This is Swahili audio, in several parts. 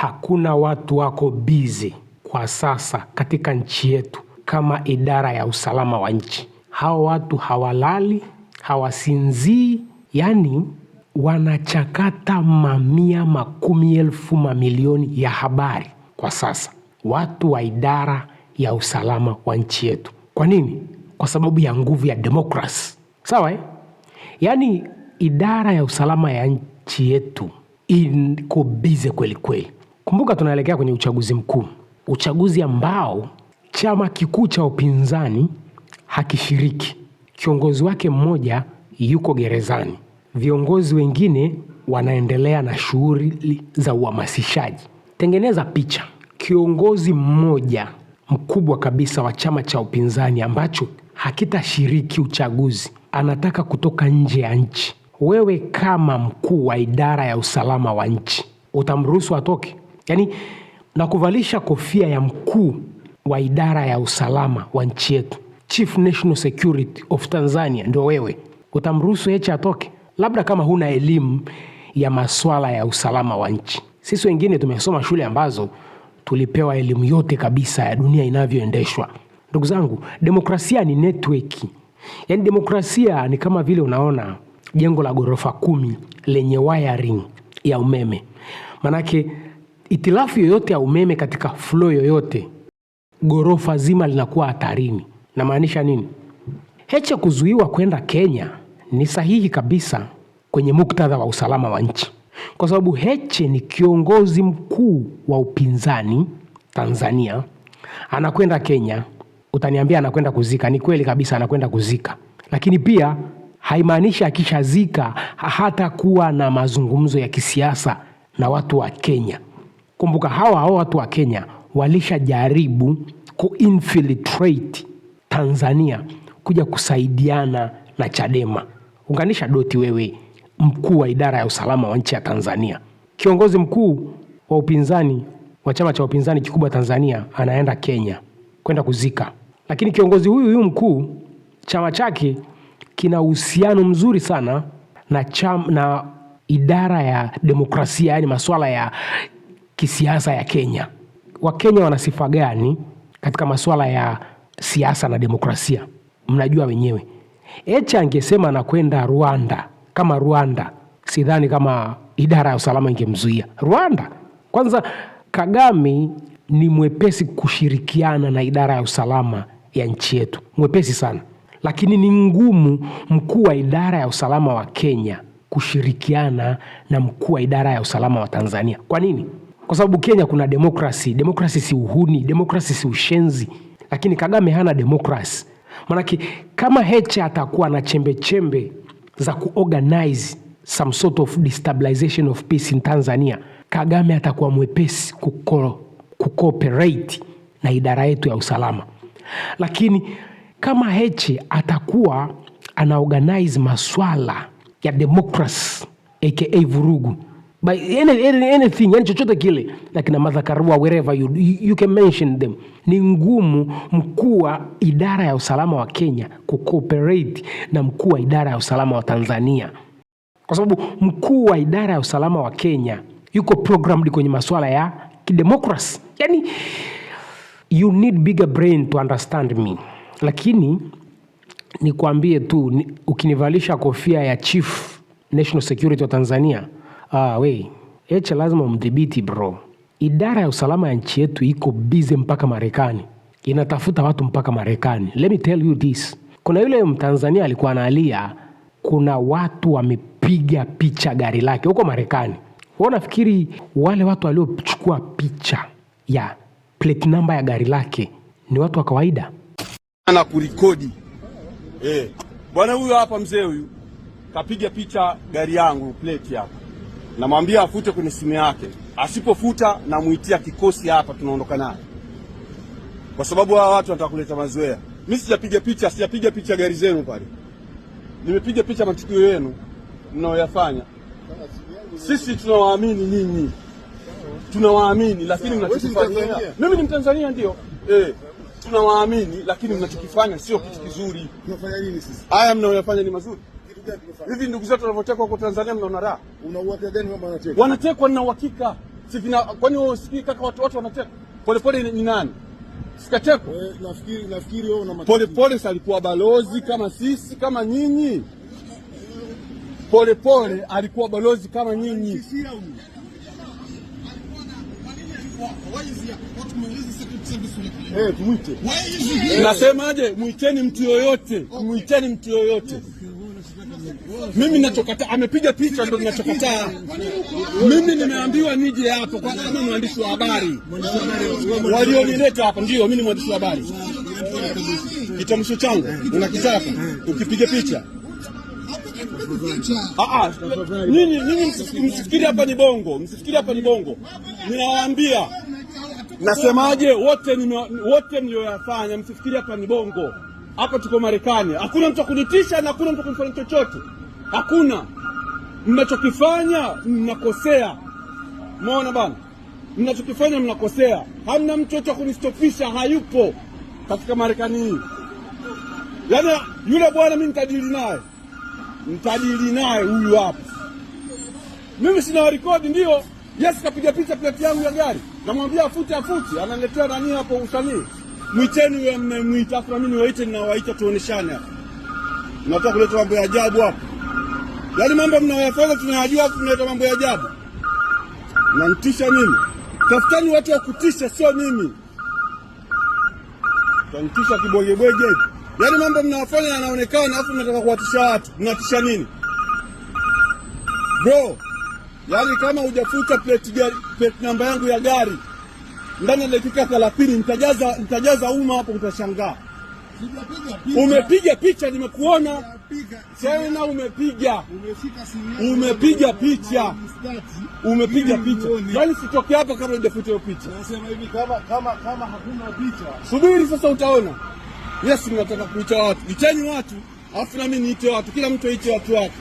hakuna watu wako bizi kwa sasa katika nchi yetu kama idara ya usalama wa nchi. Hao watu hawalali, hawasinzii, yani wanachakata mamia, makumi elfu, mamilioni ya habari kwa sasa, watu wa idara ya usalama wa nchi yetu. Kwa nini? Kwa sababu ya nguvu ya demokrasi. Sawa eh? Yaani idara ya usalama ya nchi yetu iko bize kweli kweli. Kumbuka tunaelekea kwenye uchaguzi mkuu, uchaguzi ambao chama kikuu cha upinzani hakishiriki. Kiongozi wake mmoja yuko gerezani, viongozi wengine wanaendelea na shughuli za uhamasishaji. Tengeneza picha, kiongozi mmoja mkubwa kabisa wa chama cha upinzani ambacho hakitashiriki uchaguzi, anataka kutoka nje ya nchi. Wewe kama mkuu wa idara ya usalama wa nchi utamruhusu atoke? Yaani nakuvalisha kofia ya mkuu wa idara ya usalama wa nchi yetu, Chief National Security of Tanzania ndio wewe. Utamruhusu eche atoke? Labda kama huna elimu ya maswala ya usalama wa nchi. Sisi wengine tumesoma shule ambazo tulipewa elimu yote kabisa ya dunia inavyoendeshwa. Ndugu zangu, demokrasia ni network. Yaani demokrasia ni kama vile unaona jengo la ghorofa kumi lenye wiring ya umeme, manake Itilafu yoyote ya umeme katika flo yoyote, gorofa zima linakuwa hatarini. Namaanisha nini? Heche kuzuiwa kwenda Kenya ni sahihi kabisa kwenye muktadha wa usalama wa nchi, kwa sababu Heche ni kiongozi mkuu wa upinzani Tanzania, anakwenda Kenya. Utaniambia anakwenda kuzika, ni kweli kabisa, anakwenda kuzika, lakini pia haimaanishi akishazika hata kuwa na mazungumzo ya kisiasa na watu wa Kenya. Kumbuka hawa hawa watu wa Kenya walishajaribu kuinfiltrate Tanzania kuja kusaidiana na Chadema. Unganisha doti wewe, mkuu wa idara ya usalama wa nchi ya Tanzania, kiongozi mkuu wa upinzani wa chama cha upinzani kikubwa Tanzania anaenda Kenya kwenda kuzika, lakini kiongozi huyu huyu mkuu chama chake kina uhusiano mzuri sana na, cham, na idara ya demokrasia, yani masuala ya kisiasa ya Kenya. Wakenya wana sifa gani katika masuala ya siasa na demokrasia? Mnajua wenyewe. echa angesema anakwenda Rwanda kama Rwanda, sidhani kama idara ya usalama ingemzuia Rwanda. Kwanza Kagame ni mwepesi kushirikiana na idara ya usalama ya nchi yetu, mwepesi sana, lakini ni ngumu mkuu wa idara ya usalama wa Kenya kushirikiana na mkuu wa idara ya usalama wa Tanzania. Kwa nini? kwa sababu Kenya kuna demokrasi. Demokrasi si uhuni, demokrasi si ushenzi, lakini Kagame hana demokrasi. Maanake kama Heche atakuwa na chembe chembe za kuorganize some sort of destabilization of peace in Tanzania, Kagame atakuwa mwepesi kucooperate na idara yetu ya usalama. Lakini kama Heche atakuwa anaorganize maswala ya democracy aka vurugu by any, any, anything yani chochote kile lakini Martha wherever you, you can mention them. Ni ngumu mkuu wa idara ya usalama wa Kenya kucooperate na mkuu wa idara ya usalama wa Tanzania, kwa sababu mkuu wa idara ya usalama wa Kenya yuko programmed kwenye masuala ya kidemokrasi. Yani you need bigger brain to understand me, lakini nikwambie tu ni, ukinivalisha kofia ya chief national security wa Tanzania Ah, we Heche lazima mdhibiti bro. Idara ya usalama ya nchi yetu iko busy mpaka Marekani, inatafuta watu mpaka Marekani. Let me tell you this, kuna yule mtanzania alikuwa analia, kuna watu wamepiga picha gari lake huko Marekani. Wao nafikiri wale watu waliochukua picha ya plate number ya gari lake ni watu wa kawaida na kurikodi eh. Bwana huyo hapa, mzee huyu kapiga picha gari yangu plate hapa namwambia afute kwenye simu yake, asipofuta namwitia kikosi hapa, tunaondoka naye, kwa sababu hawa watu wanataka kuleta mazoea. Mimi sijapiga picha, sijapiga picha gari zenu pale, nimepiga picha matukio yenu mnaoyafanya. Sisi tunawaamini nyinyi, tunawaamini lakini mnachokifanya. Mimi ni Mtanzania ndio eh, tunawaamini lakini mnachokifanya sio kitu kizuri. Haya mnaoyafanya ni mazuri. Hivi ndugu zetu wanavyotekwa huko Tanzania, mnaona raha? Wanatekwa na uhakika, kwani usikii kaka? Watu watu wanatekwa polepole. Ni nani sikatekwa? Eh, nafikiri nafikiri wewe una polepole, salikuwa balozi kama sisi kama nyinyi Polepole pole, alikuwa balozi kama nyinyi. Hey, eh, mwite. Nasemaje? Mwiteni mtu yoyote, mwiteni mtu yoyote. Mimi ninachokataa amepiga picha, ndio ninachokataa mimi. Nimeambiwa nije hapo kwa kama mwandishi wa habari, walionileta hapa. Ndio mimi ni mwandishi wa habari, kitamsho changu unakitaka ukipiga picha ah, ah, nini nini. Msifikiri hapa ni bongo, msifikiri hapa ni bongo. Ninawaambia nasemaje, wote wote mlioyafanya, msifikiri hapa ni bongo hapa tuko Marekani, hakuna mtu akunitisha na hakuna mtu akunifanya chochote, hakuna. Mnachokifanya mnakosea, umeona bana, mnachokifanya mnakosea. Hamna mtu yote akunistopisha, hayupo katika Marekani hii. Yaani yule bwana mi nitajili naye, nitajili naye huyu hapa. Mimi sina rekodi, ndio Yesu kapiga picha plati yangu ya gari, namwambia afute, afute, ananiletea nani hapo usanii Mwiteni huyo mmemwita, afu na mimi niwaite, ninawaita tuoneshane. Hapa mnataka kuleta mambo ya ajabu hapa, yaani mambo mnayoyafanya tunayajua, afu mnaleta mambo ya ajabu. Mnanitisha mimi? Tafuteni watu wa kutisha, sio mimi. Mtanitisha kibwegebwege hivi, yaani mambo mnayofanya yanaonekana, afu mnataka kuwatisha watu. Mnatisha nini bro? Yaani kama hujafuta plate namba yangu ya gari ndani ya dakika 30 nitajaza nitajaza umma hapo, utashangaa. Umepiga picha, nimekuona tena, umepiga umepiga picha, umepiga picha. yani sitoke hapa kabla hujafuta hiyo picha. Subiri sasa, utaona. Yes, mnataka kuita watu, iteni watu, alafu nami niite watu, kila mtu aite watu wake,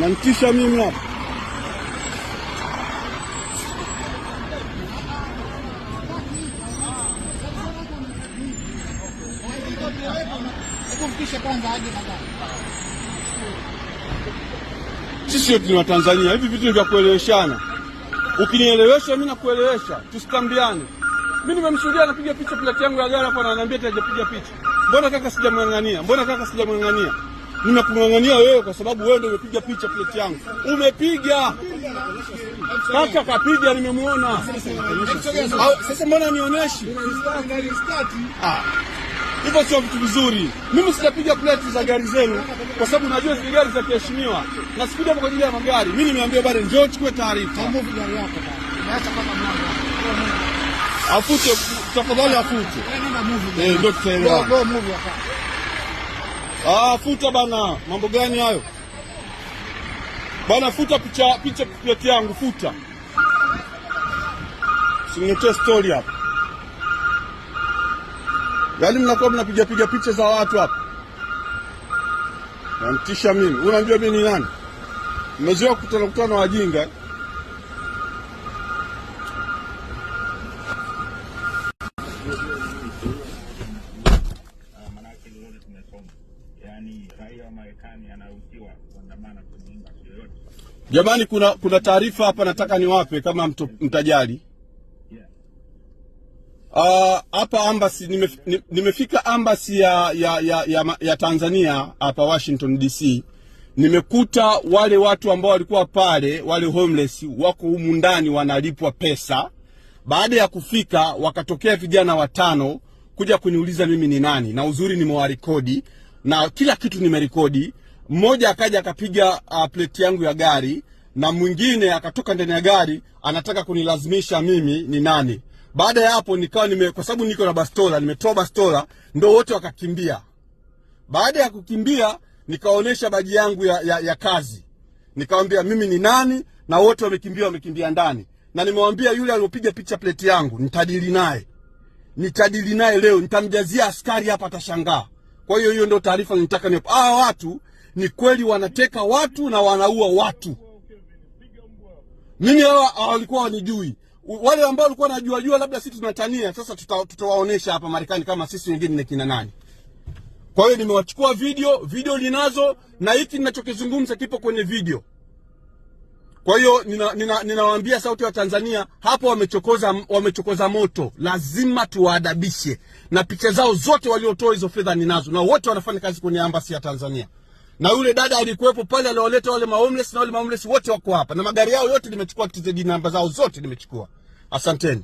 namtisha mimi hapa. Hebu kwanza aje na sisi wote ni Watanzania. Hivi vitu vya kueleweshana, ukinielewesha mimi nakuelewesha, tusitambiane. Mimi nimemshuhudia anapiga picha plati yangu ya gari hapa, ananiambia hajapiga picha. Mbona kaka sijamng'ang'ania? Mbona kaka sijamng'ang'ania? Nimekung'ang'ania wewe kwa sababu wewe ndio umepiga picha pleti yangu. Umepiga kaka, kapiga, nimemwona. Sasa mbona nionyeshi? hivyo sio vitu vizuri. Mimi sitapiga pleti za gari zenu kwa sababu najua zile gari za kiheshimiwa, na sikuja hapa kwa ajili ya magari. Mimi nimeambiwa bado njoo chukue taarifa. Afute tafadhali, afute eh, ndio tutaelewa. Ah, futa bana, mambo gani hayo bana? Futa picha picha plate yangu, futa, usiniletee story hapa yaani mnakuwa mnapigapiga picha za watu hapa, namtisha mimi, unajua mimi ni nani? Mmezoea kukutana kutana na wajinga. Jamani, kuna, kuna taarifa hapa nataka niwape kama mtajali Ah, hapa uh, ambasi nimef, nimefika ambasi ya, ya, ya, ya, ya Tanzania hapa Washington DC, nimekuta wale watu ambao walikuwa pale wale homeless wako humu ndani wanalipwa pesa. Baada ya kufika wakatokea vijana watano kuja kuniuliza mimi ni nani, na uzuri nimewarekodi na kila kitu nimerekodi. Mmoja akaja akapiga uh, ah, pleti yangu ya gari na mwingine akatoka ndani ya gari anataka kunilazimisha mimi ni nani. Baada ya hapo nikawa nime, kwa sababu niko na bastola, nimetoa bastola, ndo wote wakakimbia. Baada ya kukimbia, nikaonyesha baji yangu ya, ya, ya kazi, nikamwambia mimi ni nani, na wote wamekimbia, wamekimbia ndani, na nimewambia yule aliopiga picha pleti yangu nitadili naye, nitadili naye leo, nitamjazia askari hapa, atashangaa. Kwa hiyo hiyo ndo taarifa nitaka nipo. Ah, watu ni kweli wanateka watu na wanaua watu, mimi hawa walikuwa wanijui wale ambao walikuwa wanajua jua labda sisi tunatania, sasa tutawaonesha hapa Marekani kama sisi wengine ni kina nani. Kwa hiyo nimewachukua video, video linazo na hiki ninachokizungumza kipo kwenye video. Kwa hiyo ninawaambia nina, nina sauti wa Tanzania hapo wamechokoza, wamechokoza moto, lazima tuwaadabishe, na picha zao zote waliotoa hizo fedha ninazo, na wote wanafanya kazi kwenye ambasi ya Tanzania na yule dada alikuwepo pale aliwaleta wale mahomless na wale mahomless wote wako hapa, na magari yao yote nimechukua, TZ namba zao zote nimechukua. Asanteni.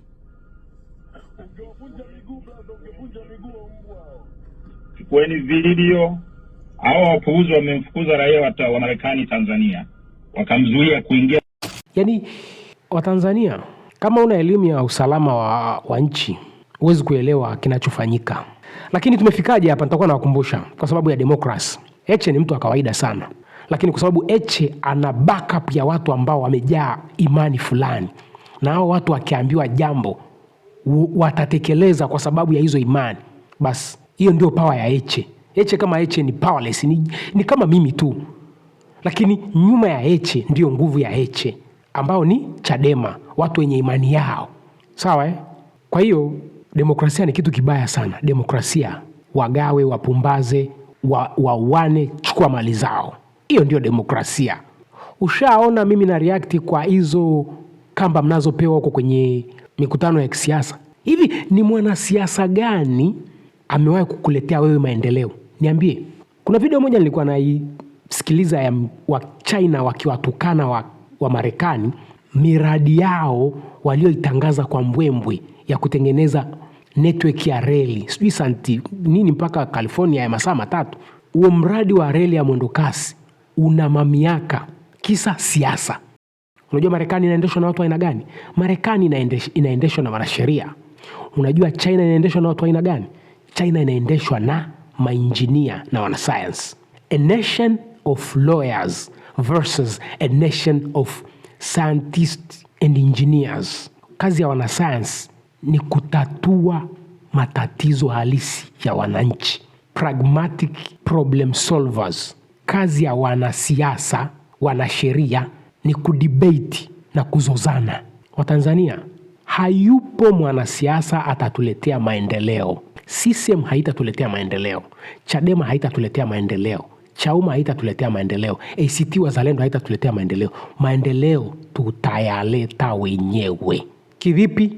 Chukueni video. Hawa wapuuzi wamemfukuza raia wa Marekani Tanzania, wakamzuia kuingia. Yaani Watanzania, kama una elimu ya usalama wa, wa nchi huwezi kuelewa kinachofanyika. Lakini tumefikaje hapa? Nitakuwa nawakumbusha kwa sababu ya demokrasi. Eche ni mtu wa kawaida sana, lakini kwa sababu eche ana backup ya watu ambao wamejaa imani fulani na hao watu wakiambiwa jambo watatekeleza kwa sababu ya hizo imani. Basi hiyo ndio pawa ya eche eche kama eche ni powerless, ni, ni kama mimi tu, lakini nyuma ya eche ndio nguvu ya eche ambao ni Chadema, watu wenye imani yao sawa eh? Kwa hiyo demokrasia ni kitu kibaya sana. Demokrasia wagawe, wapumbaze, wauane, wa chukua mali zao, hiyo ndio demokrasia. Ushaona mimi na react kwa hizo kamba mnazopewa huko kwenye mikutano ya kisiasa. Hivi ni mwanasiasa gani amewahi kukuletea wewe maendeleo? Niambie. Kuna video moja nilikuwa naisikiliza ya wa China wakiwatukana wa, wa Marekani miradi yao walioitangaza kwa mbwembwe ya kutengeneza network ya reli sijui santi nini mpaka California ya masaa matatu. Huo mradi wa reli ya mwendokasi una mamiaka, kisa siasa. Unajua Marekani inaendeshwa na watu aina gani? Marekani inaendeshwa na wanasheria. Unajua China inaendeshwa na watu aina gani? China inaendeshwa na mainjinia na wanasayansi. A nation of lawyers versus a nation of scientists and engineers. Kazi ya wanasayansi ni kutatua matatizo halisi ya wananchi, pragmatic problem solvers. Kazi ya wanasiasa, wanasheria ni kudibeti na kuzozana. Watanzania, hayupo mwanasiasa atatuletea maendeleo. sisem haitatuletea maendeleo, Chadema haitatuletea maendeleo, Chauma haitatuletea maendeleo, ACT Wazalendo haitatuletea maendeleo. Maendeleo tutayaleta wenyewe. Kivipi?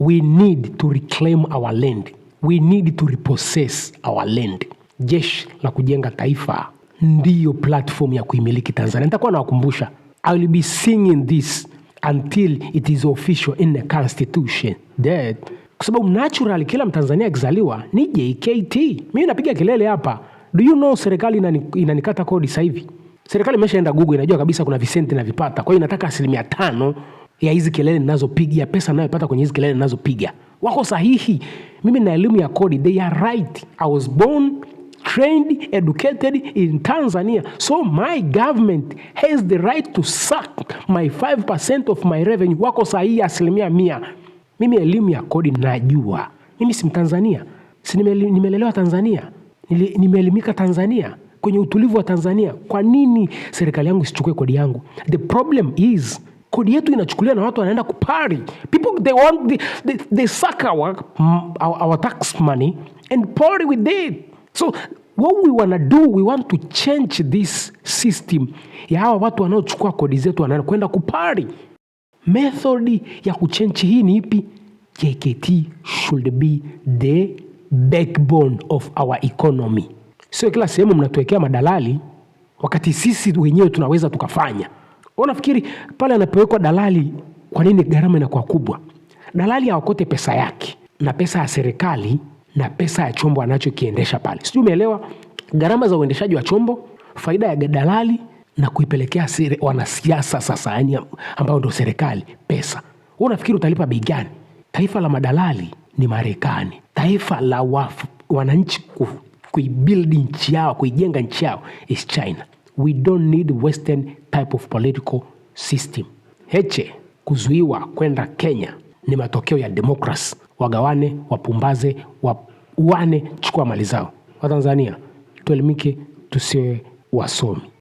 We need to reclaim our land, we need to repossess our land. Jeshi la Kujenga Taifa ndiyo platform ya kuimiliki Tanzania. Nitakuwa nawakumbusha I will be singing this until it is official in the constitution that kwa sababu natural kila Mtanzania akizaliwa ni JKT. Mimi napiga kelele hapa, do you know serikali inanikata inani kodi sasa hivi. Serikali imeshaenda Google, inajua kabisa kuna visenti na vipata, kwa hiyo inataka asilimia tano ya hizi kelele ninazopiga, pesa nayopata kwenye hizi kelele ninazopiga. Wako sahihi, mimi na elimu ya kodi, they are right. I was born trained, educated in Tanzania. So my government has the right to suck my 5% of my revenue. Wako sahihi asilimia mia. Mimi elimu ya kodi najua. Mimi si Mtanzania, si nimelelewa Tanzania, nimeelimika Tanzania, kwenye utulivu wa Tanzania. Kwa nini serikali yangu isichukue kodi yangu? The problem is kodi yetu inachukuliwa na watu wanaenda kupari. People they want they, they, they suck our, our tax money and party with it. So what we wanna do, we want to change this system ya hawa watu wanaochukua kodi zetu wanakwenda kupari. Method ya kuchenji hii ni ipi? JKT should be the backbone of our economy. Sio kila sehemu mnatuwekea madalali wakati sisi wenyewe tunaweza tukafanya. nafikiri pale anapowekwa dalali, kwa nini gharama inakuwa kubwa? Dalali hawakote pesa yake na pesa ya serikali na pesa ya chombo anachokiendesha pale. Sijui umeelewa? Gharama za uendeshaji wa chombo, faida ya dalali na kuipelekea wanasiasa sasa, yani ambao ndio serikali pesa. Wewe unafikiri utalipa bei gani? Taifa la madalali ni Marekani. Taifa la wafu, wananchi ku, kuibuild nchi yao kuijenga nchi yao is China. We don't need western type of political system. Heche kuzuiwa kwenda Kenya ni matokeo ya demokrasi wagawane, wapumbaze, wauane, chukua mali zao. Watanzania tuelimike, tusiwe wasomi.